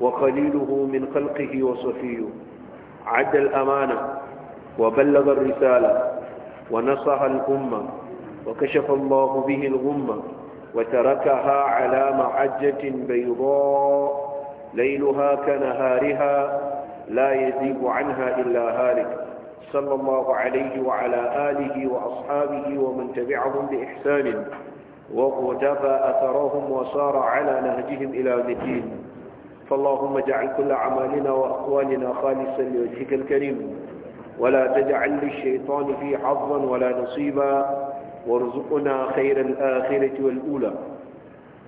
وخليله من خلقه وصفيه عد الأمانة وبلغ الرسالة ونصح الأمة وكشف الله به الغمة وتركها على معجة بيضاء ليلها كنهارها لا يزيب عنها إلا هالك صلى الله عليه وعلى آله وأصحابه ومن تبعهم بإحسان وقتفى أثرهم وصار على نهجهم إلى الدين فاللهم اجعل كل اعمالنا وأقوالنا خالصا لوجهك الكريم ولا تجعل للشيطان في حظا ولا نصيبا وارزقنا خير الآخرة والأولى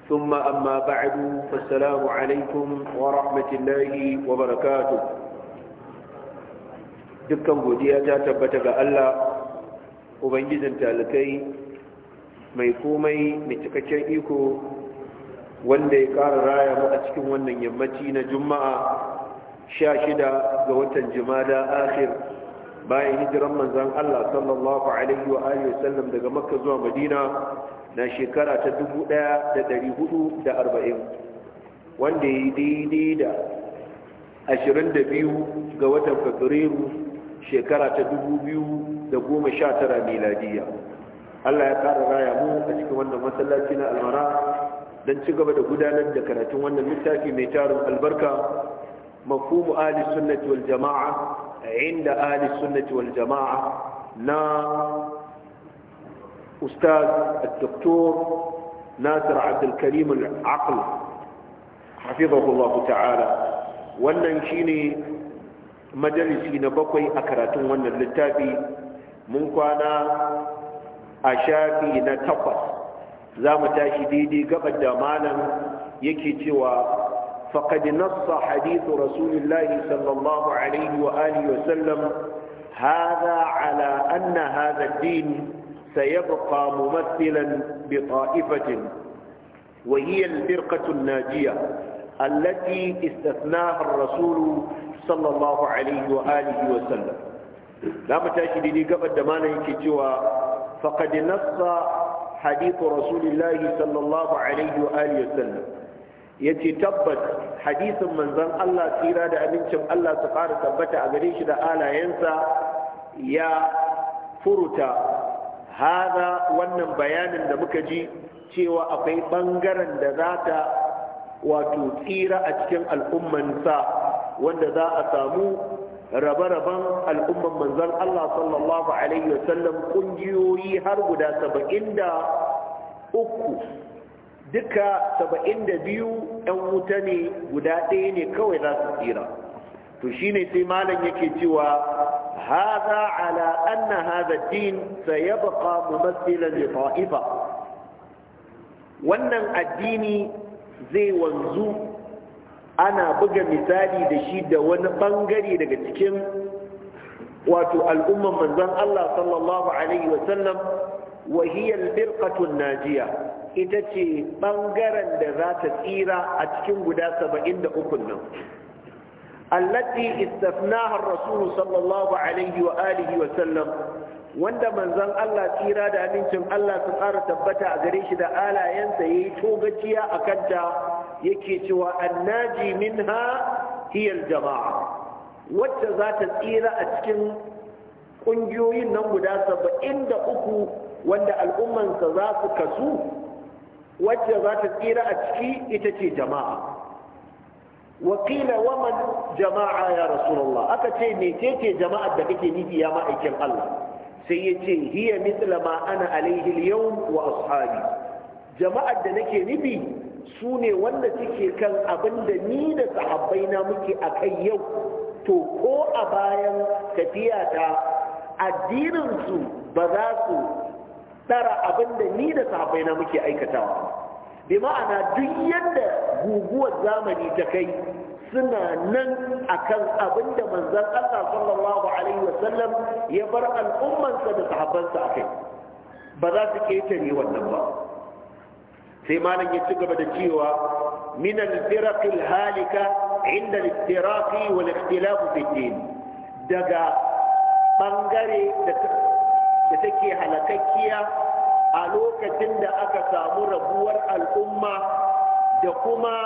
ثم أما بعد فالسلام عليكم ورحمة الله وبركاته دكا بودية تبتك ألا ubangijin تالكي mai komai wanda ya ƙara raya mu a cikin wannan yammaci na juma'a sha shida ga watan jimada akhir bayan hijiran manzan Allah sallallahu alaihi wa alihi wasallam daga makka zuwa madina na shekara ta 1440 wanda ya yi daidai da 22 ga watan fabrairu shekara ta 2019 miladiya Allah ya ƙara raya mu a cikin wannan masallaci na almara don ci gaba da gudanar da karatun wannan littafi mai tarin albarka mafhumu ahli sunnati wal jama'a inda ahli sunnati wal jama'a na ustaz al-doktor nasir abdul karim al-aql hafizahullahu ta'ala wannan shine majalisi na bakwai a karatun wannan littafi mun kwana a shafi na takwas za mu tashi daidai gabar da malam فقد نص حديث رسول الله صلى الله عليه وآله وسلم هذا على أن هذا الدين سيبقى ممثلا بطائفة وهي الفرقة الناجية التي استثناها الرسول صلى الله عليه وآله وسلم لا متاشد لي قبل دمانا يكتوى فقد نص حديث رسول الله صلى الله عليه وآله وسلم tabbas hadisin manzon Allah tsira da abincin Allah su fara tabbata a gare shi da alayensa ya furuta haza wannan bayanin da muka ji cewa akwai ɓangaren da za ta wato tsira a cikin al'ummansa wanda za a samu rabe-raben al'umman manzan Allah sallallahu Alaihi wasallam ƙungiyoyi har guda saba'in da uku duka saba'in da biyu ‘yan wuta ne guda ɗaya ne kawai za su tsira to shi ne sai malam yake cewa haza ala anna haza din sayabqa mumassilan li ta'ifa wannan addini zai wanzu ana buga misali da shi da wani bangare daga cikin wato al'umman manzon Allah sallallahu alaihi wasallam wa hiya najiya ita ce bangaren da za ta tsira a cikin guda 73 nan allati istafnaha ar-rasul sallallahu alaihi wa alihi wanda manzon Allah tsira da amincin Allah su tsara tabbata a gare shi da alayensa yayi togaciya a kanta? yake cewa annaji minha hiyar jama'a. wacce za ta tsira a cikin ƙungiyoyin nan guda saba'in da uku wanda al'ummansa za su kasu wacce za ta tsira a ciki ita ce jama'a wakila waman jama'a ya rasulullah aka ce mecece jama'ar da kake nufi ya ma'aikin allah sai ya ce hiya mitla ma ana alaihi yau wa ashabi jama'ar da nake nufi su ne wanda suke kan abin da ni da sahabbai muke a kai yau to ko a bayan tafiya ta addininsu ba za su tsara abin da ni da sahabbai muke aikatawa bi ma'ana duk yadda guguwar zamani ta kai suna nan akan abin da manzon Allah sallallahu alaihi wasallam ya bar al'ummansa da sahabbansa akai ba za su ketare wannan ba sai malam ya ci gaba da cewa minal al halika inda al-iftiraq wal ikhtilaf fi din daga bangare da take halakakkiya a lokacin da aka samu rabuwar al'umma da kuma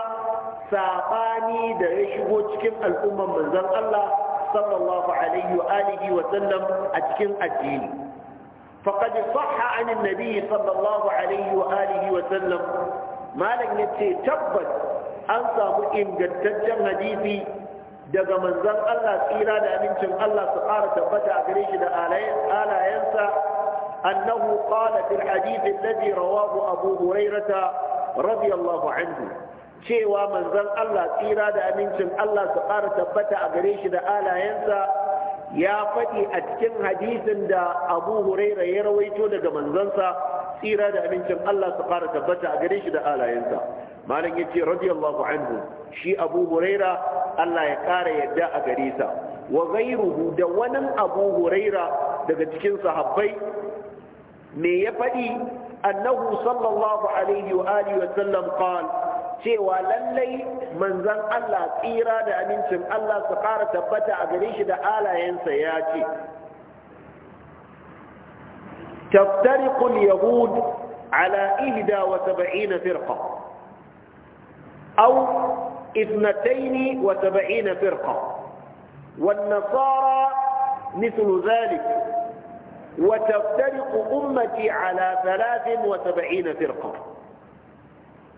sabani da ya shigo cikin al'umman manzon Allah sallallahu alaihi wa alihi wa sallam a cikin addini فقد صح عن النبي صلى الله عليه وآله وسلم ما لن يتي تبت أنسى مؤم قد تجم حديثي daga manzon Allah tsira da amincin Allah su ƙara tabbata a gare shi da alayensa annahu qala fil hadith alladhi rawahu Abu Hurairah radiyallahu anhu cewa manzon Allah tsira da amincin Allah su ƙara tabbata a gare shi da alayensa ya faɗi a cikin hadisin da abu huraira ya rawaito daga manzansa tsira da amincin Allah su fara tabbata a gare shi da alayensa malam ya ce radiyallahu anhu shi abu huraira Allah ya ƙara yadda a gare sa wa gairuhu da wani abu huraira daga cikin sahabbai me ya faɗi annahu sallallahu alaihi wa alihi wa sallam qala cewa lallai manzon Allah tsira da amincin Allah su ƙara tabbata a gare shi da alayensa ya ce taftariqul yahud ala ihda wa sab'ina firqa aw اثنتين وسبعين فرقة والنصارى مثل ذلك وتفترق أمتي على ثلاث وسبعين فرقة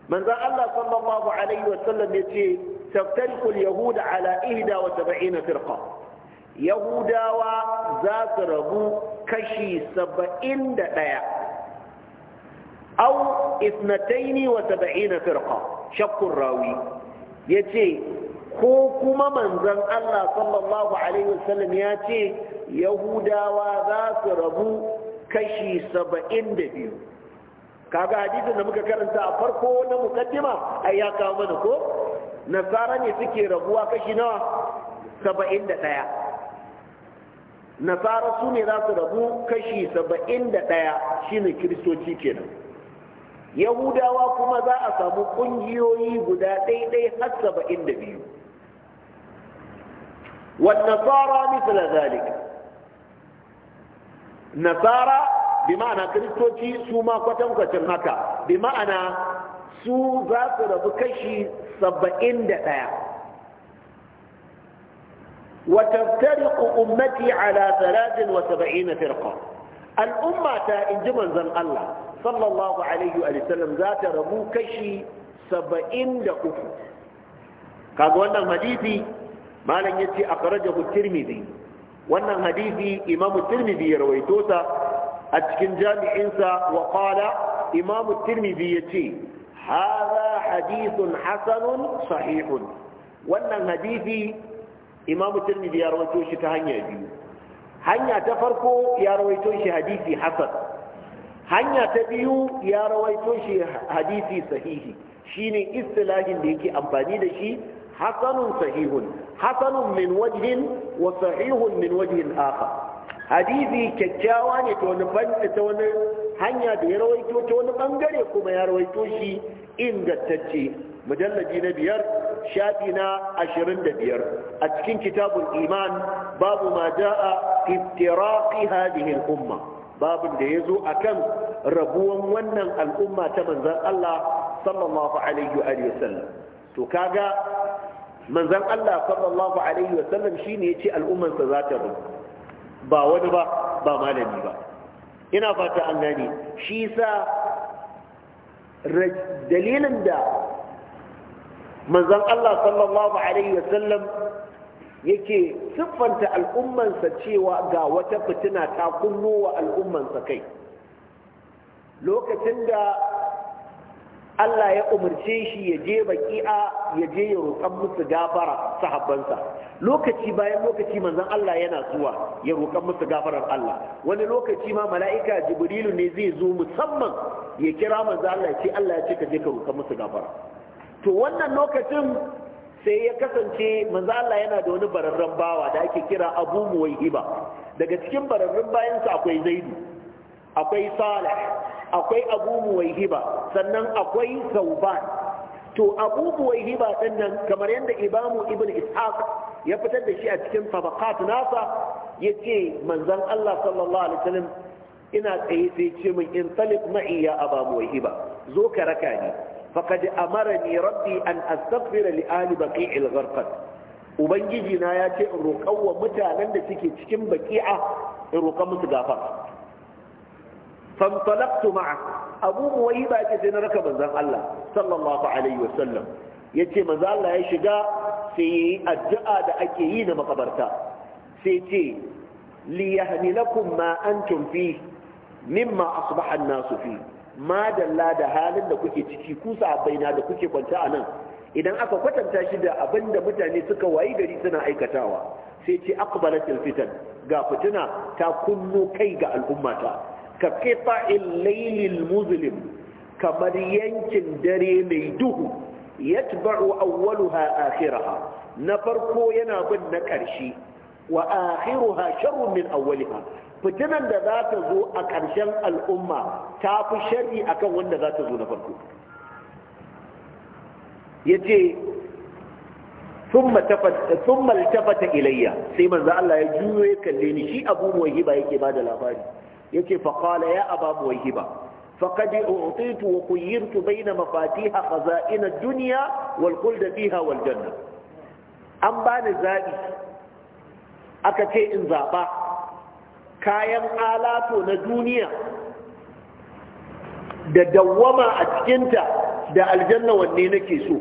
manzon Allah sallallahu alaihi wa sallam yace taftarikul yahuda ala ihda wa sab'ina yahudawa za su rabu kashi saba'in da ɗaya au isnataini wa saba'ina firqa shakkun rawi ya ce ko kuma manzan Allah sallallahu ya ce yahudawa za su rabu kashi saba'in da biyu kaga hadisin da muka karanta a farko na mukaddima ai ya kawo mana ko nasara ne suke rabuwa kashi nawa saba'in da ɗaya nasara su ne za su rabu kashi saba'in da ɗaya shine kiristoci kenan yahudawa kuma za a samu ƙungiyoyi guda ɗaiɗai har saba'in da biyu والنصارى مثل ذلك نصارى bi ma'ana kristoci su ma kwatankwacin haka bi ma'ana su zasu rabu kashi saba'in da ɗaya wata tari ummati ala talatin wa saba'in na firqa al'umma ta in ji manzan sallallahu alaihi wa sallam za rabu kashi saba'in da uku kaga wannan hadisi malam yace akhrajahu tirmidhi wannan hadisi imamu tirmidhi ya rawaito ta a cikin jami'insa wa qala imamu tirmidhi yace hadha hadithun hasanun sahihun wannan hadisi imamu tirmidhi ya rawaito shi ta hanya biyu hanya ta farko ya rawaito shi hadithi hasan hanya ta biyu ya rawaito shi hadisi sahihi shine istilahin da yake amfani da shi hasanun sahihun hasanun min wajhin wa sahihun min wajhin akhar hadisi kyakkyawa ne ta wani ta wani hanya da ya rawaito ta wani bangare kuma ya rawaito shi ingantacce mujallaji na biyar shafi na ashirin da biyar a cikin kitabun iman babu ma ja'a iftiraqi hadhihi al-umma babun da yazo akan rabuwan wannan al'umma ta manzon Allah sallallahu alaihi wa sallam to kaga manzon Allah sallallahu alaihi wa sallam shine yace al'umman sa za ta rabu ba wani ba ba malami ba ina fata an gane shi sa dalilin da manzon Allah sallallahu alaihi wasallam yake siffanta al'ummansa cewa ga wata fitina ta kunno wa al'ummansa kai lokacin da Allah ya umarce shi ya je baƙi'a ya je ya roƙan musu gafara sahabbansa lokaci bayan lokaci manzon Allah yana zuwa ya roƙan musu gafarar Allah wani lokaci ma mala'ika Jibrilu ne zai zo musamman ya kira manzon Allah ce Allah ya ce ka je ka roƙan musu gafara to wannan lokacin sai ya kasance manzon Allah yana da wani bararren bawa da ake kira Abu daga cikin bararrun bayansa akwai Zaidu akwai Salih akwai abu sannan akwai sauban to abu muwaihiba nan kamar yadda imamu ibn ishaq ya fitar da shi a cikin tabakat nasa ya ce manzon Allah sallallahu alaihi wasallam ina tsaye sai ce min in talik ma'i ya aba zo ka raka ni faqad amarani rabbi an astaghfira li ali baqi'il gharqat ubangiji na ya ce in roƙa wa mutanen da suke cikin baki'a in roƙa musu gafara. fantalaqtu ma'a abu muwayyiba yake sai na raka manzon Allah sallallahu alaihi wasallam yace manzon Allah ya shiga sai addu'a da ake yi na makabarta sai ce li yahmilakum ma antum fi mimma asbaha an-nasu fi ma dalla da halin da kuke ciki ku baina da kuke kwanta a nan idan aka kwatanta shi da abin da mutane suka wayi gari suna aikatawa sai ce aqbalat fitan ga fitina ta kunno kai ga al'ummata ka qita'il laylil muzlim kamar yankin dare mai duhu yatba'u awwaluha akhiraha na farko yana bin na ƙarshe wa akhiruha sharrun min awwaliha fitinan da za ta zo a ƙarshen al'umma ta fi a akan wanda za ta zo na farko yace ce tafata thumma ta ilayya sai manzo Allah ya juyo ya kalle ni shi Abu Muwayhiba yake bada labari yace fa qala ya aba muwayhiba faqad u'titu wa khayyirtu bayna mafatiha khaza'in ad duniya wal khuld fiha wal janna an bani zaɓi aka ce in zaba kayan alato na duniya da dawwama a cikinta da aljanna wanne nake so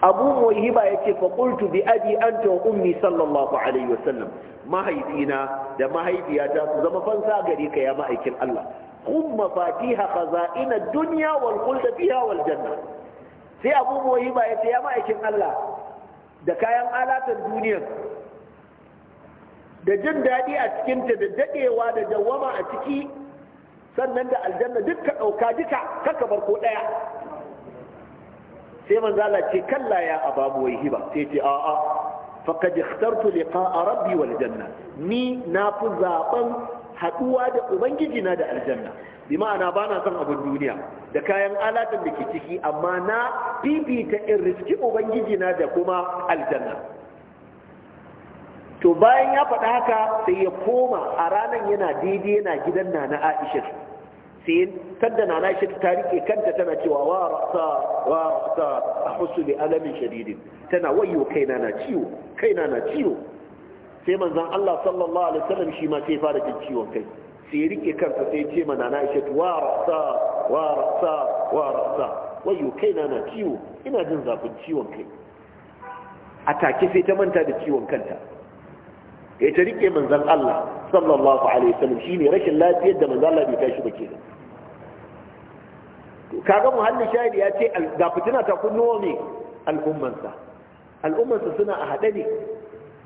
abu Hiba ya ce faƙultu bi abi an ta ummi sallallahu alaihi wasallam mahaifina da mahaifiyata su zama fansa gare ka ya ma'aikin Allah kun mafatiha khaza'ina dunya wal khulda fiha wal janna sai abu Hiba ya ce ya ma'aikin Allah da kayan alatan duniya da jin daɗi a cikinta da daɗewa da dawama a ciki sannan da aljanna duk ka ɗauka duka kaka bar ko ɗaya sai manzo ce kalla ya ababu wai hiba sai ce a a faqad ikhtartu liqa'a rabbi wal janna ni na fi zaben haduwa da ubangiji na da aljanna bi ma'ana bana son abin duniya da kayan alatan da ke ciki amma na fifita in riski ubangiji na da kuma aljanna to bayan ya faɗa haka sai ya koma a ranar yana daidai yana gidan na na aisha sai tadda na nashi ta rike kanta tana cewa wa rasa wa rasa ahussu bi alamin shadidin tana wayo kaina na ciwo kaina na ciwo sai manzon Allah sallallahu alaihi wasallam shi ma sai fara jin ciwon kai sai rike kansa sai ce mana na ishe wa rasa wa rasa wa rasa wayo kaina na ciwo ina jin zafin ciwon kai a take sai ta manta da ciwon kanta ya ta rike manzan Allah sallallahu alaihi wasallam shine rashin lafiyar da manzan Allah bai tashi ba kenan kaga Muhalli shahidi ya ce ga fitina ta kunno ne al'ummansa al'ummansa suna a haɗe ne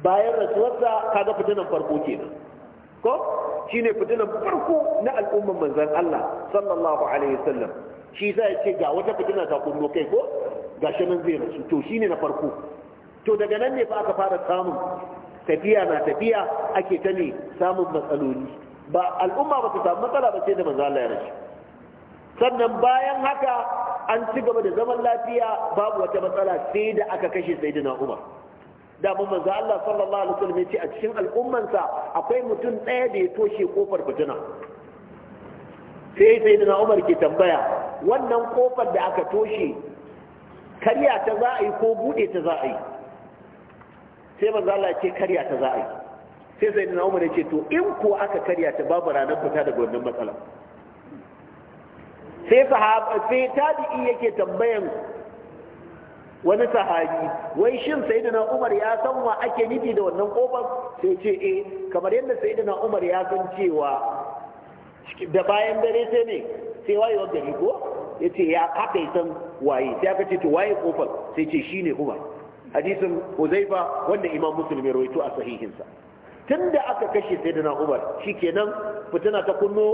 bayan rasuwarsa kaga fitinan farko kenan ko shine fitinan farko na al'umman manzan Allah sallallahu alaihi wasallam shi sa ya ce ga wata fitina ta kunno kai ko gashi nan zai rasu to shine na farko to daga nan ne fa aka fara samun tafiya na tafiya ake ta ne samun matsaloli ba al'umma ba samu matsala ba sai da manzo Allah ya rashi sannan bayan haka an ci gaba da zaman lafiya babu wata matsala sai da aka kashe sayyidina Umar da mun manzo Allah sallallahu alaihi wasallam ya ce a cikin al'ummansa akwai mutum ɗaya da ya toshe kofar fitina sai sayyidina Umar ke tambaya wannan kofar da aka toshe karya ta za a yi ko bude ta za a yi sai manzo Allah ya ce karya ta za a yi sai sai na umar ce to in ko aka karya ta babu ranar fita daga wannan matsala sai sahaba sai tabi'i yake tambayan wani sahabi wai shin sayyidina umar ya san wa ake nufi da wannan kofar sai ce eh kamar yadda sayyidina umar ya san cewa da bayan dare sai ne sai waye wa gari ko yace ya kafe san waye sai aka ce to waye kofar sai ce shine umar hadisin Uzaifa wanda Imam Muslim ya rawaito a sahihinsa tunda aka kashe Sayyidina Umar shikenan fitina ta kunno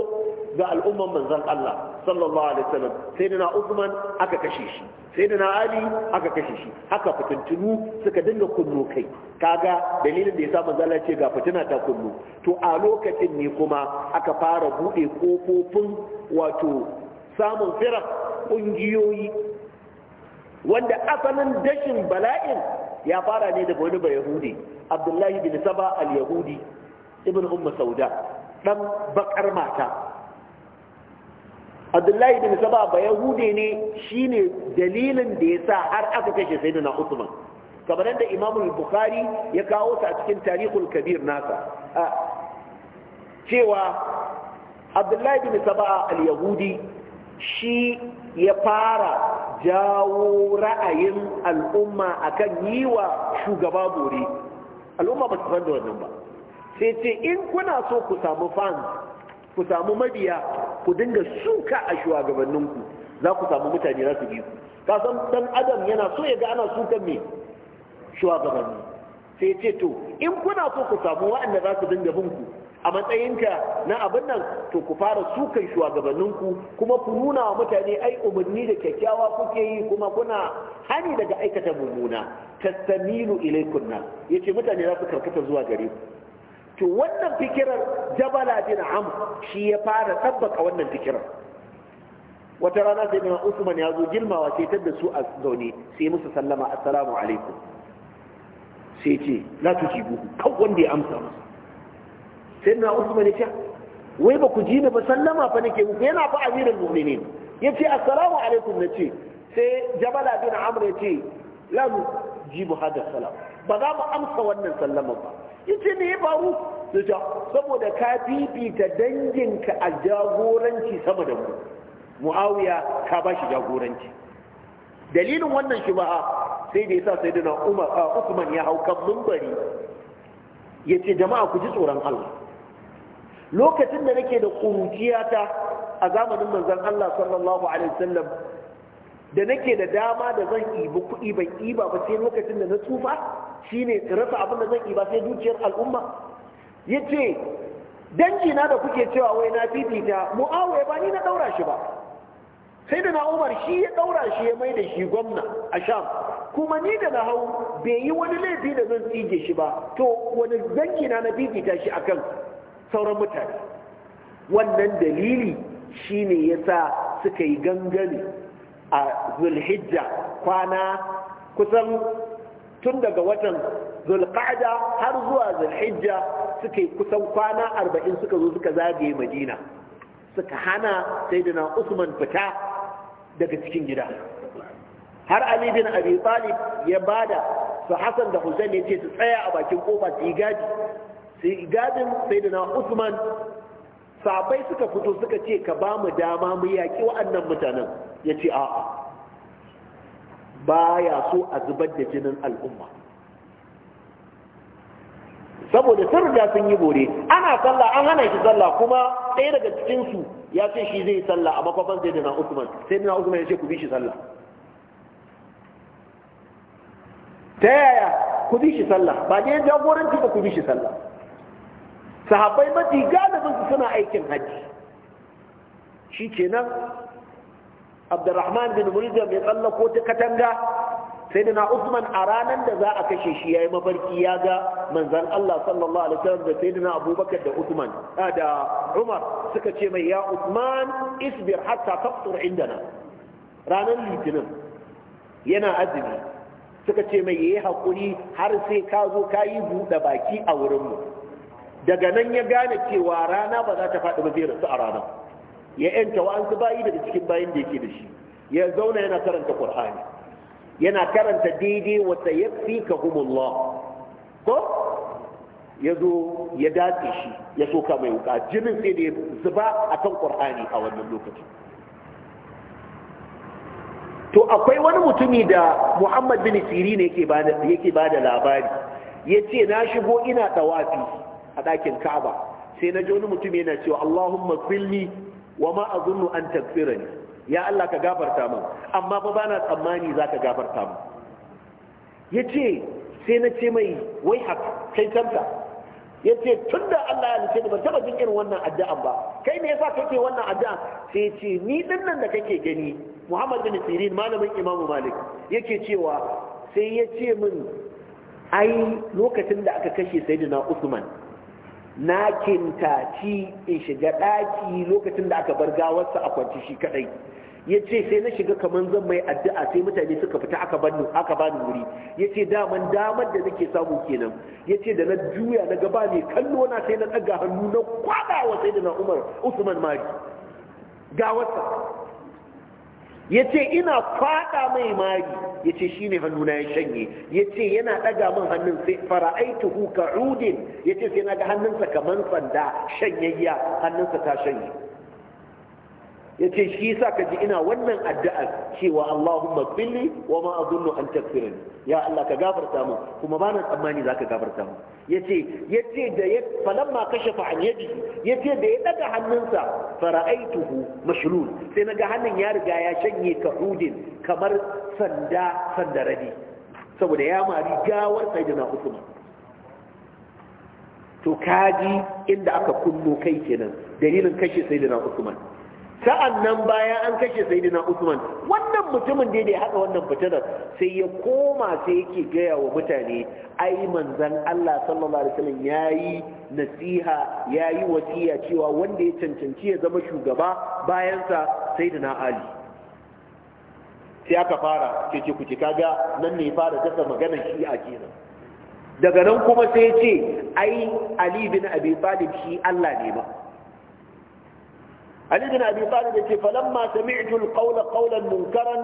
ga al'umman manzon Allah sallallahu alaihi wasallam Sayyidina Uthman aka kashe shi Sayyidina Ali aka kashe shi haka fitintunu suka dinga kunno kai kaga dalilin da yasa manzon Allah ce ga fitina ta kunno to a lokacin ne kuma aka fara bude kofofin wato samun fira ƙungiyoyi wanda asalin dashin bala'in ya fara ne daga wani ba yahudi abdullahi bin saba al-yahudi ibn umma sauda dan bakar mata abdullahi bin saba ba yahudi ne shine dalilin da ya sa har aka kashe sayyidina usman kamar da imam bukhari ya kawo ta a cikin tarihul kabir nasa cewa abdullahi bin saba al-yahudi shi ya fara jawo ra'ayin al'umma akan yi wa shugaba bore al'umma ba su san da wannan ba sai ce in kuna so ku samu fans ku samu mabiya ku dinga suka a shugabanninku za ku samu mutane za su bi ku kasan dan adam yana so ya ga ana sukan mai shugabanni sai ce to in kuna so ku samu waɗanda za su dinga bin ku a matsayinka na abin nan to ku fara su kai shugabanninku kuma ku nuna wa mutane ai umarni da kyakkyawa kuke yi kuma kuna hani daga aikata mumuna. tastamilu ilaikun na yace mutane za su karkata zuwa gare ku to wannan fikirar jabala bin am shi ya fara tabbaka wannan fikirar wata rana sai na usman ya zo girmawa sai da su a zaune sai musu sallama assalamu alaikum sai ce la tujibu kan wanda ya amsa musu sai na usman ya ce wai ba ku ji ni ba sallama fa nake muku yana fa amirul mu'minin yace assalamu alaikum nace sai jabala bin amr yace lam jibu hada salam ba za mu amsa wannan sallama ba yace ne ya faru yace saboda ka fifita danginka a jagoranci sama da mu muawiya ka ba shi jagoranci dalilin wannan shi ba sai da yasa sayyidina umar usman ya hau kan mumbari yace jama'a ku ji tsoron Allah lokacin da nake da ƙuruciyata a zamanin manzon Allah sallallahu alaihi wasallam da nake da dama da zan ibi kuɗi ban iba ba sai lokacin da na tsufa shine rasa abin da zan iba sai dukiyar al'umma yace danji na da kuke cewa wai na fifita mu'awiya ba ni na ɗaura shi ba sai da na umar shi ya ɗaura shi ya mai da shi gwamna a sham kuma ni da na hau bai yi wani laifi da zan tsige shi ba to wani dangi na na fifita shi akan sauran mutane wannan dalili shine sa suka yi gangane a zulhijja kwana kusan tun daga watan zulqa'da har zuwa zulhijja suka yi kusan kwana arba'in suka zo suka zage madina suka hana sayyidina usman fita daga cikin gida har ali bin abi talib ya bada su hasan da husain ya ce su tsaya a bakin kofa su yi gaji sai gadin sayyidina Usman sabai suka fito suka ce ka ba mu dama mu yaƙi wa'annan mutanen ya ce a'a ba ya so a zubar da jinin al'umma saboda sun riga sun yi bore ana sallah an hana shi sallah kuma ɗaya daga cikinsu ya ce shi zai yi sallah a makwafan sai da na usman sai da na usman ya ce ku bi shi sallah ta yaya ku bi shi sallah ba yin jagoranci ba ku bi shi sallah sahabbai mafi galibin su suna aikin hajji shi kenan abdurrahman bin murja mai tsallako ta katanga sai da na usman a ranar da za a kashe shi ya yi mafarki ya ga manzan allah sallallahu alaihi wasallam da sai da na abubakar da usman da umar suka ce mai ya usman isbir hatta tafsur indana ranar litinin yana azumi suka ce mai yayi haƙuri har sai ka zo ka yi buɗe baki a wurinmu daga nan ya gane cewa rana ba za ta faɗi ba zai rasu a rana ya yanta wa'ansu bayi daga cikin bayin da yake da shi ya zauna yana karanta qur'ani yana karanta daidai wata ya fi ka humullah ko ya zo ya dace shi ya soka mai wuka jinin sai da ya zuba a kan ƙwar'ani a wannan lokacin to akwai wani mutumi da muhammad bin siri ne yake ba da labari ya ce na shigo ina tawafi a ɗakin ka'aba sai na ji wani mutum yana cewa Allahumma filni wa ma azunnu an tagfirani ya Allah ka gafarta min amma ba bana tsammani zaka gafarta min ce sai na ce mai wai haka kai kanta tun da Allah ya halice ni ban taba jin irin wannan addu'an ba kai me yasa kake wannan addu'a sai ce ni din nan da kake gani Muhammad bin Sirin malamin Imamu Malik yake cewa sai ya ce min ai lokacin da aka kashe Sayyidina Usman na kintaci in shiga ɗaki lokacin da aka bar gawarsa a kwanci shi kaɗai, ya ce sai na shiga kamar zan mai addu'a sai mutane suka fita aka bani aka wuri ya ce daman damar da nake samu kenan ya ce da na juya na gaba ne kallo na sai na ɗaga hannu na kwaɗawa sai da na umar usman mari gawarsa ya ce ina fada mai mari ya ce shi ne hannuna ya shanye ya ce yana daga min hannun sai fara'aitu ka udin ya ce sai na ga hannunsa kamar sanda shanyayya hannunsa ta shanye ya ce shi sa ka ji ina wannan addu'ar cewa Allahumma billi wa ma azunnu an takfirani ya Allah ka gafarta mu kuma ba na tsammani zaka gafarta mu yace ce da ya falamma kashafa an ya yace da ya daga hannunsa fara'aituhu mashlul sai ga hannun ya riga ya shanye ka udin kamar sanda sanda rabi saboda ya mari gawar sayyidina Usman to kaji inda aka kullo kai kenan dalilin kashe sayyidina Usman sa'an nan bayan an kashe Saidina usman wannan mutumin da ya haɗa wannan fitinar sai ya koma sai yake gaya wa mutane ai manzan Allah sallallahu alaihi wasallam yayi nasiha yayi wasiya cewa wanda ya cancanci ya zama shugaba bayansa sai dina Ali sai aka fara ku kuce kaga nan ne fara kasa magana shi a kenan daga nan kuma sai ya ce ai Ali bin Abi Talib shi Allah ne ba ali bin abi talib yace falamma sami'tu alqawla qawlan munkaran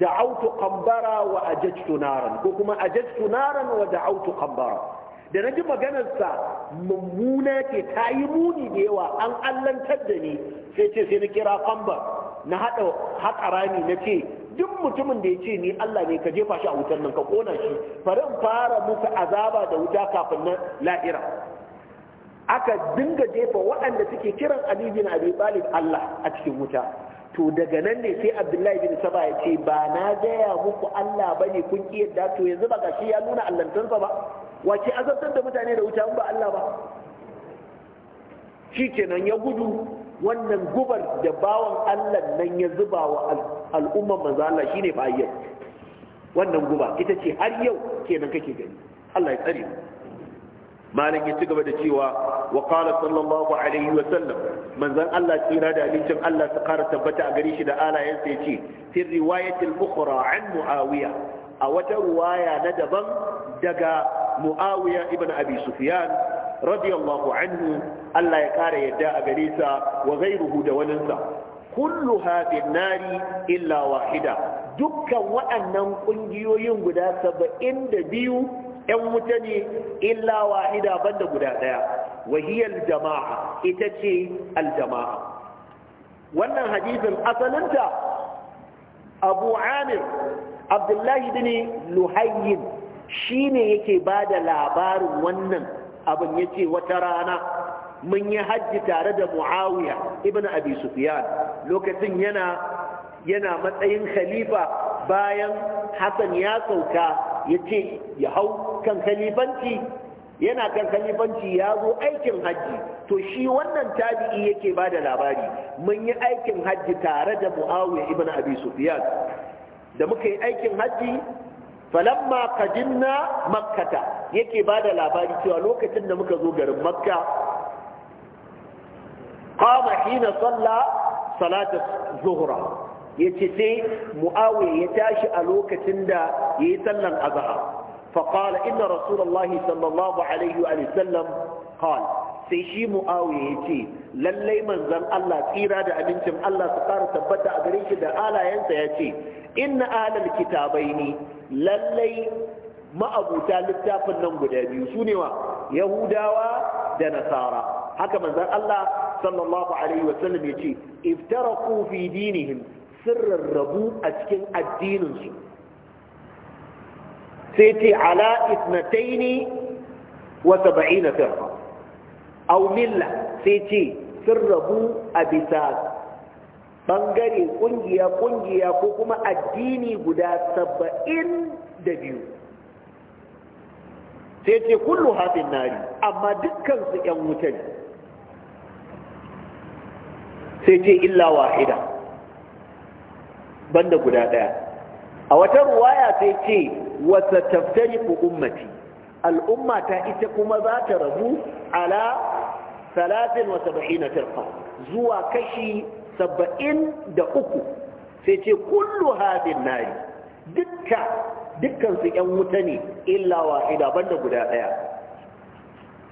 da'awtu qambara wa ajajtu naran ko kuma ajajtu naran wa da'awtu kambara. da naji maganar sa mummuna ce ta yi muni da yawa an allantar da ni sai ce sai na kira kambar na haɗa haka rami na ce duk mutumin da ya ce ni Allah ne ka jefa shi a wutar nan ka kona shi bari in fara musu azaba da wuta kafin na la'ira aka dinga jefa waɗanda suke kiran Ali bin Abi Talib Allah a cikin wuta to daga nan ne sai Abdullahi bin Saba ya ce ba na gaya muku Allah bane kun ki yadda to yanzu ba gashi ya nuna fa ba wace azabtar da mutane da wuta ba Allah ba kenan ya gudu wannan gubar da bawan Allah nan ya zuba wa al'ummar manzo Allah shine bayyana wannan guba ita ce har yau kenan kake gani Allah ya tsare mu malam ya ci gaba da cewa wa qala sallallahu alaihi wa sallam manzon Allah tsira da abincin Allah ta kara tabbata a gare shi da alayensa ya ce fi riwayatil ukhra an muawiya a wata riwaya na daban daga muawiya ibn abi sufyan radiyallahu anhu Allah ya kara yadda a gare sa wa ghayruhu da sa. kulluha bin nari illa wahida dukkan waɗannan ƙungiyoyin guda saba'in da biyu 'yan wuta ne illa wahida banda guda ɗaya wahiyar jama'a ita ce aljama'a wannan hadisin asalinta abu amir abdullahi bin luhayyin shi ne yake ba da labarin wannan abin ya ce wata rana mun yi hajji tare da muawiya ibn abi sufyan lokacin yana yana matsayin khalifa bayan hassan ya sauka ya ce ya hau kan kalifanci yana kan kalifanci ya zo aikin hajji to shi wannan tabi'i yake ba da labari mun yi aikin hajji tare da muawiya ibn abi sufyan da muka yi aikin hajji falamma qadimna makkata yake ba da labari cewa lokacin da muka zo garin makka qama hina salla salata zuhra ya ce sai mu'awiya ya tashi a lokacin da ya yi sallan azhar faƙala inna rasulallahi sallallahu alaihi wa sallam qal sai shi mu'awiya ya ce lallai manzon Allah tsira da abincin Allah su ƙara tabbata a gare shi da alayensa ya ce inna kitabai ne lallai ma'abuta littafin nan guda biyu su ne wa yahudawa da nasara haka manzon Allah sallallahu alaihi wa sallam ya ce iftara kofi dinihim Sirrin rabu a cikin addininsu sai ce ala isnataini wata ba'i na aw aumilla sai ce sun rabu a bisa bangare ƙungiya-ƙungiya, ko kuma addini guda saba'in da biyu sai ce kullu hafin nari amma dukkansu 'yan wuta ne sai ce illa wahida banda guda daya a wata ruwaya sai ce wata taftariqu ummati al'umma ta ita kuma za ta rabu ala 73 firqa zuwa kashi uku, sai ce kullu hadin nari dukka dukkan su yan wuta ne illa wahida banda guda daya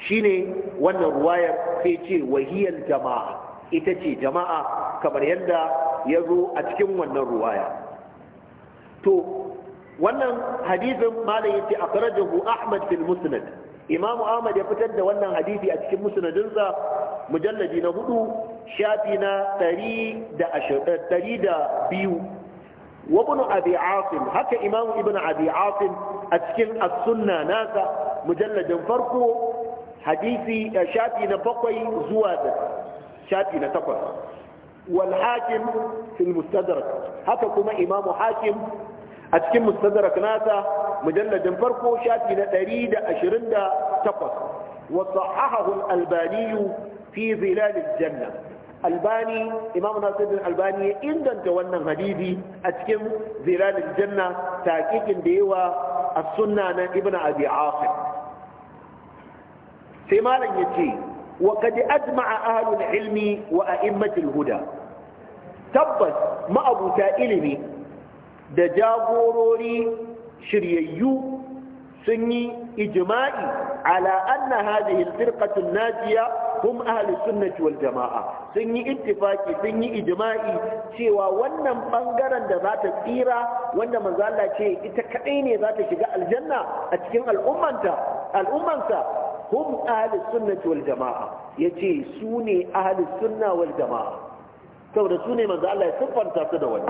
shine wannan ruwayar sai ce wahiyar jama'a ita ce jama'a kamar yadda ya zo a cikin wannan ruwaya to wannan hadisin malam yace akhrajahu ahmad fil musnad imam ahmad ya fitar da wannan hadisi a cikin musnadinsa mujalladi na hudu shafi na 102 eh, wa ibn abi asim haka imam ibn abi asim a cikin as-sunna nasa mujalladin farko hadisi eh, shafi na bakwai zuwa da shafi na takwas والحاكم في المستدرك هكا كما إمام حاكم أتكم مستدرك ناسا مجلد فرقو شاكنا تريد أشرين دا تقص وصححه الألباني في ظلال الجنة الباني إمام ناصر بن الباني إندا تولنا هديدي أتكم ظلال الجنة تاكيك ديوة السنة ابن أبي عاصم سيمالا يجي وقد أجمع أهل العلم وأئمة الهدى tabbas ma'abuta ilimi da jagorori shiryayyu sun yi ijma'i ala anna hadhihi firqatu najiya hum ahli sunnati wal jama'a sun yi ittifaki sun yi ijima'i. cewa wannan bangaren da za ta tsira wanda manzo Allah ce ita kadai ne za ta shiga aljanna a cikin al'ummanta al'ummansa hum ahli sunnati wal jama'a yace su ne ahli sunna wal jama'a saboda su ne manzo Allah ya siffanta su da wani.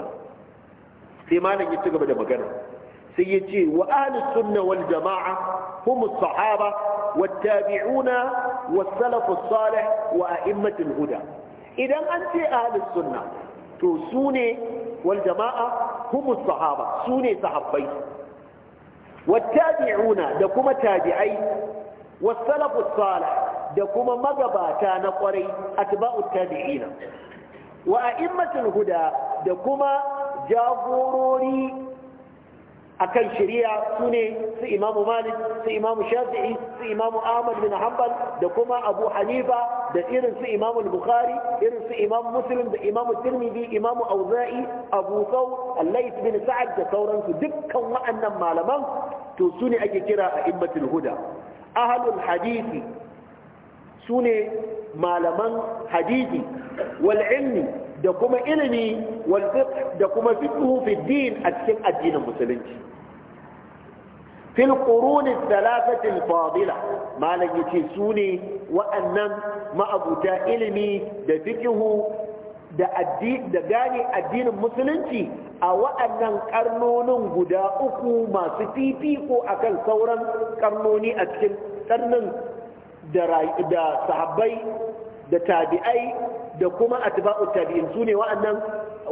sai malam ya ci gaba da magana sai ya ce wa ahlus sunna wal jama'a hum as-sahaba wat-tabi'una was-salaf as-salih wa a'immatul huda idan an ce ahlus sunna to su ne wal jama'a hum as-sahaba su ne sahabbai wat-tabi'una da kuma tabi'ai was-salaf as-salih da kuma magabata na kwarai atba'ut tabi'ina wa a'immatul huda da kuma jagorori akan shari'a sune su imamu malik su imamu shafi'i su imamu ahmad bin hanbal da kuma abu hanifa da irin su imamu bukhari irin su imamu muslim da imamu tirmidhi imamu auza'i abu thawr al bin sa'ad da sauransu dukkan wa'annan malaman to sune ake kira a'immatul huda ahlul hadisi su ne malaman hadisi wal ilmi da kuma ilimi da kuma fiqhu din a cikin addinin musulunci filkuruni qurun thalathati malam fadila ce su ne wa'annan ma'abuta ilimi da fiqhu da gane addinin musulunci a wa'annan karnonin guda uku masu fifiko akan sauran karnoni a cikin karnin da sahabbai da tabi'ai da kuma atba'u tabi'in su ne wa'annan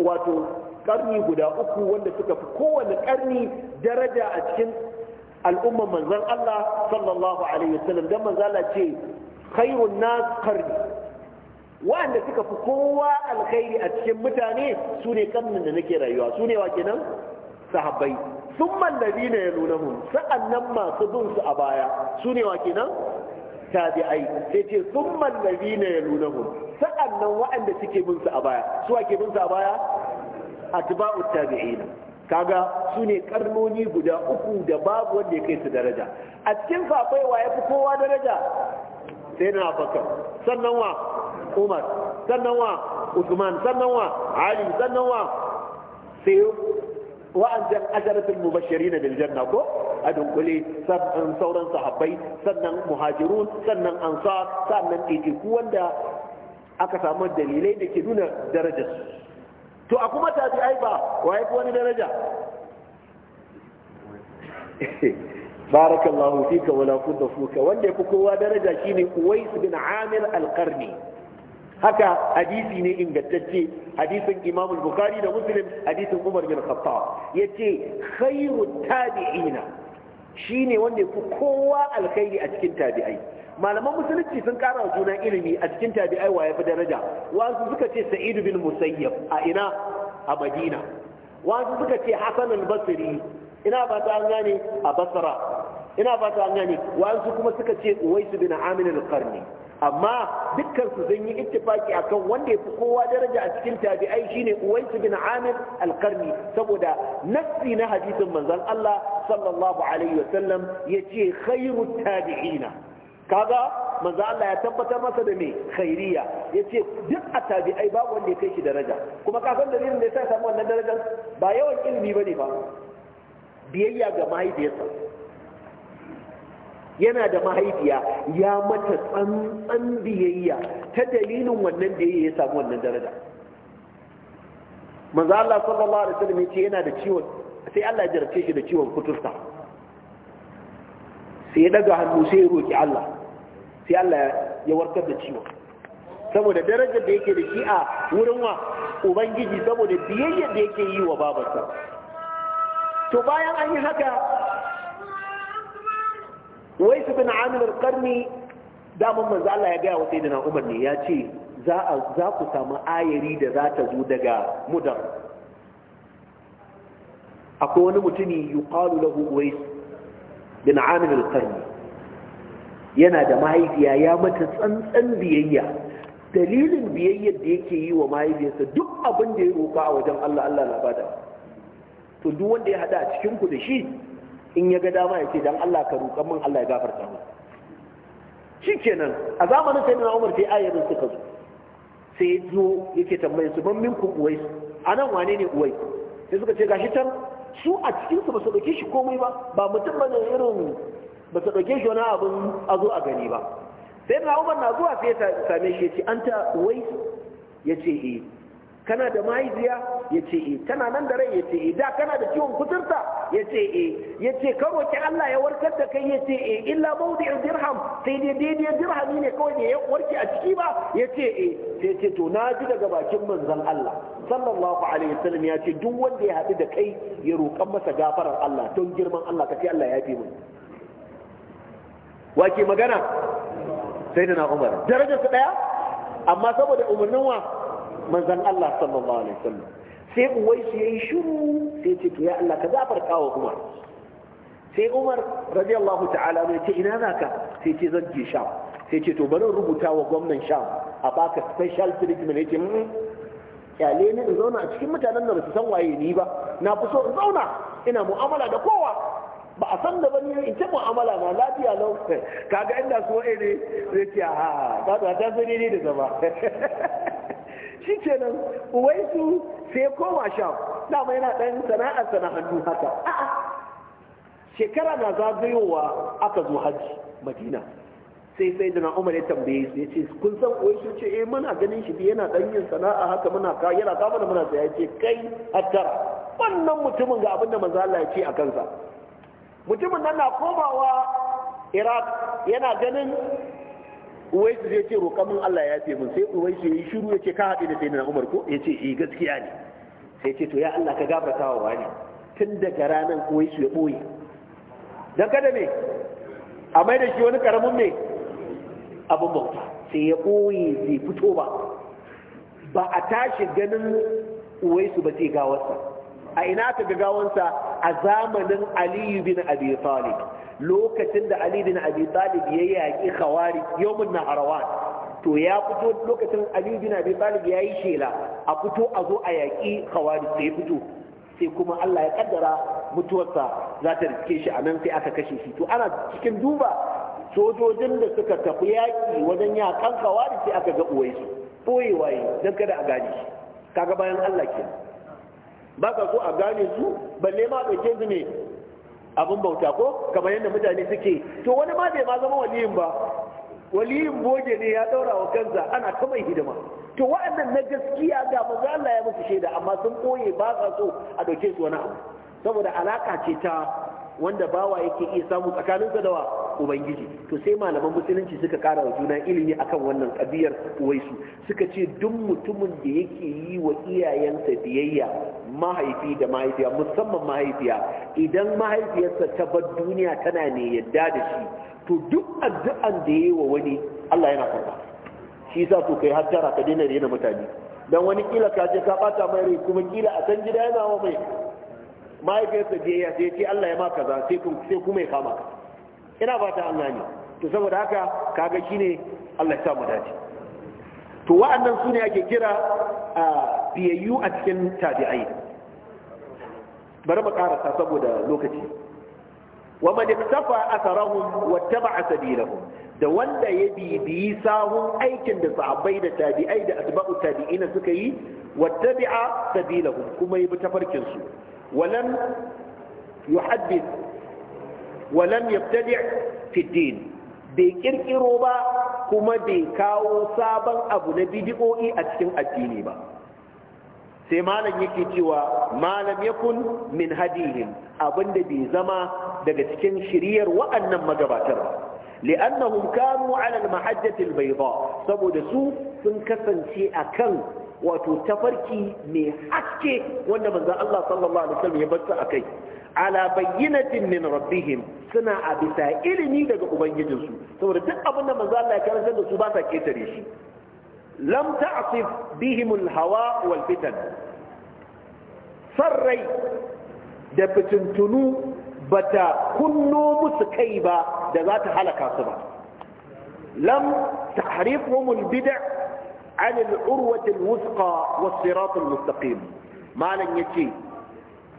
wato karni guda uku wanda suka fi kowane karni daraja a cikin al'ummar manzon Allah sallallahu alaihi wasallam dan manzon Allah ce khairun nas qarni wa'anda suka fi kowa alkhairi a cikin mutane su ne karnin da nake rayuwa su ne wa kenan sahabbai sun mallabi na ya nuna hun sa'an nan masu bin su a baya su ne wa kenan tabi'ai sai ce summan ladina yalunahum sa'annan wa'anda suke bin su a baya su ke bin su a baya atba'u tabi'ina kaga su ne karnoni guda uku da babu wanda ya kai su daraja a cikin fafai wa ya fi kowa daraja sai na bakar sannan wa umar sannan wa usman sannan wa ali sannan wa sai wa'ancan asharatul mubashirin bil janna ko a dunkule sauran sahabbai sannan muhajirun sannan ansar sannan titi, wanda aka samu dalilai da ke nuna darajar to a kuma tabi'ai ba wa yafi wani daraja barakallahu fika wala kunta fuka wanda yafi kowa daraja shine Uwais bin Amir al-Qarni haka hadisi ne ingantacce hadisin imam bukhari da muslim hadisin umar bin khattab yace khairu tabi'ina shine wanda yafi kowa alkhairi a cikin tabi'ai malaman musulunci sun kara wa juna ilimi a cikin tabi'ai wa yafi daraja wasu suka ce sa'id bin musayyab a ina a madina wasu suka ce hasan al-basri ina ba ta an gane a basra ina ba ta an gane wasu kuma suka ce uwaisu bin amir al-qarni amma dukkan su sun yi ittifaki akan wanda ya fi kowa daraja a cikin tabi'ai shine uwaisu bin amir alkarni saboda nassi na hadisin manzon Allah sallallahu alaihi wasallam yace khairu tabi'ina kaga manzo Allah ya tabbatar masa da me khairiya yace duk a tabi'ai babu wanda ya kai shi daraja kuma ka san dalilin da yasa samu wannan darajar ba yawan ilimi bane ba biyayya ga mahaifiyarsa yana da mahaifiya ya mata tsantsan biyayya ta dalilin wannan da ya samu wannan daraja manzo Allah sallallahu alaihi wasallam yace yana da ciwon sai Allah ya jarabce shi da ciwon kuturta sai ya daga hannu sai ya roki Allah sai Allah ya warkar da ciwon saboda darajar da yake da shi a wurin wa ubangiji saboda biyayyar da yake yi wa babarsa to bayan an yi haka wai su bin amir karni damar manzo Allah ya gaya wa sai dana umar ne ya ce za ku samu ayari da za ta zo daga mudar akwai wani mutumi yuqalu lahu wais bin amir karni yana da mahaifiya ya mata tsantsan biyayya dalilin biyayyar da yake yi wa mahaifiyarsa duk abin da ya roƙa a wajen Allah Allah na bada to duk wanda ya hada a cikin ku da shi in ya ga dama ya ce dan Allah ka roƙa min Allah ya gafarta mu shikenan a zamanin sai na Umar sai ayarin suka zo sai zo yake tambayar su ban uwai A nan wane ne uwai sai suka ce gashi tan su a cikinsu su ba su dauke shi komai ba ba mutum da irin ba su dauke shi wani abin azo a gani ba sai na Umar na zuwa sai ya same shi ya ce an ta Uwai ya ce eh kana da mahaifiya ya ce e tana nan da rai ya ce e da kana da ciwon kuturta ya ce e ya ce ka Allah ya warkar da kai ya ce e illa mawdi'u dirham sai dai daidai dirhami ne kawai ne ya warke a ciki ba ya ce e sai ce to na ji daga bakin manzon Allah sallallahu alaihi wasallam ya ce duk wanda ya haɗu da kai ya roƙan masa gafarar Allah don girman Allah ka ce Allah ya fi mun wake magana sai da na umar darajarsa ɗaya amma saboda umarnin wa manzon Allah sallallahu alaihi wasallam sai su yayi shiru sai ce to ya Allah ka zafarta wa Umar sai Umar radiyallahu ta'ala ne ce ina naka sai ce zan je sha, sai ce to bari rubuta wa gwamnan sha a baka special treatment yace mun mm, kyale ni in zauna a cikin mutanen ba su san waye ni ba na fi so in zauna ina mu'amala da kowa ba a san da bani in ce mu'amala na lafiya lau kaga inda so ne zai ce ha ka ta sai ne da zama shi kenan uwaisu sai koma koma sham dama yana ɗan sana'ar sana hannu haka a'a shekara na zagayowa aka zo hajji madina sai sai da umar ya tambaye su ya ce kun san uwaisu ce eh muna ganin shi yana ɗan yin sana'a haka muna ka yana ka mana muna saya ce kai hattara wannan mutumin ga abin da manzo ya ce a kansa mutumin nan na komawa Iraq yana ganin uwaisu zai ce roƙa min Allah ya fi min sai uwaisu ya yi shiru ya ce ka haɗe da sayyidina Umar ko ya ce eh gaskiya ne sai ce to ya Allah ka gabata wa wani tun daga ranar uwaisu ya ɓoye Don kada ne a mai da shi wani karamin me abin bauta sai ya ɓoye zai fito ba ba a tashi ganin uwaisu ba sai gawarsa a ina ta ga gawansa a zamanin aliyu bin abi talib lokacin da ali bin abi talib ya yaƙi khawari yawmun naharawan to ya fito lokacin ali bin abi talib ya yi shela a fito a zo a yaƙi khawari sai fito sai kuma Allah ya kaddara mutuwarsa za ta riske shi a nan sai aka kashe shi to ana cikin duba sojojin da suka tafi yaƙi wajen yakan khawari sai aka ga ɓoye su ɓoyewa yi don kada a gane shi kaga bayan Allah kenan ba ka so a gane su balle ma ɗauke su ne abin bauta ko kamar yadda mutane suke to wani ma bai ma zama waliyin ba waliyin boge ne ya daura wa kansa ana ta mai hidima to wa'annan na gaskiya ga manzo Allah ya musu shaida amma sun koye ba sa so a dauke su wani abu saboda alaka ce ta wanda bawa yake iya samu tsakaninsa da wa ubangiji to sai malaman musulunci suka kara wa juna ilimi akan wannan kabiyar waisu. suka ce duk mutumin da yake yi wa iyayensa biyayya mahaifi da mahaifiya musamman mahaifiya idan mahaifiyarsa ta bar duniya tana ne yadda da shi to duk addu'an da yayi wa wani Allah yana karba shi yasa to kai hajjara ka daina rena mutane dan wani kila ka je ka bata mai rai kuma kila a san gida yana wa mai mahaifiyarsa ya sai ce Allah ya ma kaza sai kuma ya kama ka ina ba ta Allah ne to saboda haka kaga shine Allah ya sa mu to wa'annan su ne ake kira a biyayyu a cikin tabi'ai bari mu karasa saboda lokaci wa man iktafa atharahum wattaba'a sabilahum da wanda ya bibiyi sahun aikin da sahabbai da tabi'ai da asba'u tabi'ina suka yi wattabi'a sabilahum kuma yi bi tafarkin su ولم يحدث ولم bai ƙirƙiro ba kuma bai kawo sabon abu na نبي a cikin addini ba. sai malam yake cewa malam yakun min hadihim da bai zama daga cikin shiryar wa'annan magabatar ba li'annahum kanu ala al-mahajjati saboda su sun kasance a kan. wato tafarki mai haske wanda manzon Allah sallallahu alaihi wasallam ya barta akai ala bayyinatin min rabbihim suna a bisa ilimi daga ubangijinsu saboda duk abin da manzon Allah ya karanta da su ba sa ketare shi lam ta'sif bihim al-hawa wal fitan sarrai da fitintunu bata kunno musu kai ba da za ta halaka su ba lam tahrifhum al-bid'a عن العروة الوثقى والصراط المستقيم ما لن يتي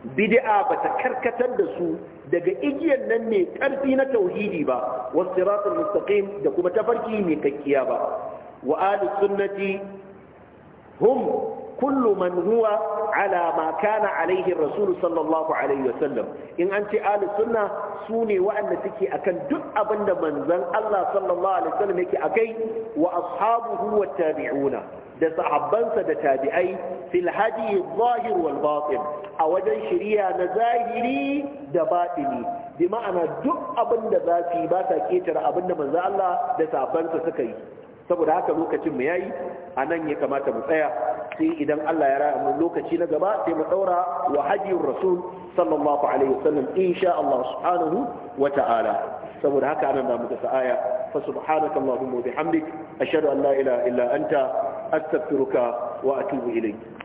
بدعا بتكركة دسو دقا إجيا نمي كرفين توحيدي با والصراط المستقيم دقو بتفركي ميككيا با وآل السنة هم kullu man huwa ala ma kana alaihi rasul sallallahu alaihi wasallam in an ce ahli sunna su ne waɗanda suke akan duk abinda da manzon Allah sallallahu alaihi wasallam yake akai wa ashabuhu wa tabi'una da sahabbansa da tabi'ai fil hadi zahir wal batin a wajen shari'a na zahiri da batini bi ma'ana duk abin da zafi ba ta ketare abin da manzon Allah da sahabbansa suka yi saboda haka lokacin mu yayi a nan ya kamata mu tsaya sai idan Allah ya raya mu lokaci na gaba sai mu daura wa hajiyur rasul sallallahu alaihi wasallam insha Allah subhanahu wa ta'ala saboda haka anan da muka sa'aya fa subhanaka allahumma wa bihamdik ashhadu an la ilaha illa anta astaghfiruka wa atubu ilayk